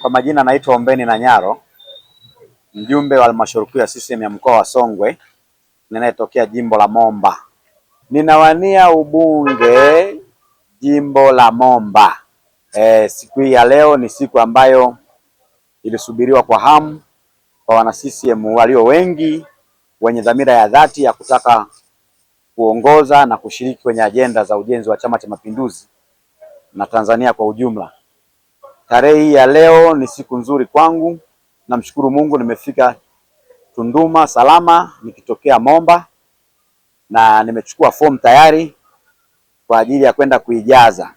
Kwa majina naitwa Ombeni na nyaro mjumbe wa halmashauri kuu ya CCM ya mkoa wa Songwe ninayetokea jimbo la Momba. Ninawania ubunge jimbo la Momba. E, siku hii ya leo ni siku ambayo ilisubiriwa kwa hamu kwa wana CCM walio wengi wenye dhamira ya dhati ya kutaka kuongoza na kushiriki kwenye ajenda za ujenzi wa Chama cha Mapinduzi na Tanzania kwa ujumla. Tarehe hii ya leo ni siku nzuri kwangu, namshukuru Mungu nimefika Tunduma salama nikitokea Momba na nimechukua fomu tayari kwa ajili ya kwenda kuijaza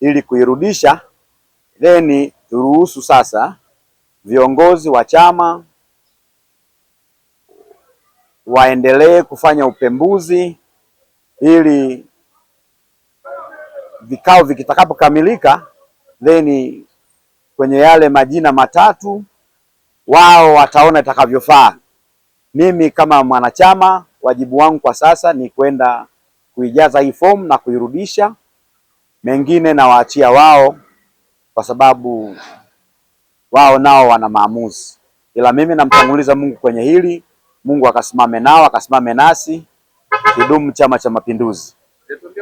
ili kuirudisha, then turuhusu sasa viongozi wa chama waendelee kufanya upembuzi ili vikao vikitakapokamilika then kwenye yale majina matatu wao wataona itakavyofaa. Mimi kama mwanachama, wajibu wangu kwa sasa ni kwenda kuijaza hii fomu na kuirudisha, mengine nawaachia wao, kwa sababu wao nao wana maamuzi, ila mimi namtanguliza Mungu kwenye hili. Mungu akasimame nao, akasimame nasi. Kidumu Chama cha Mapinduzi!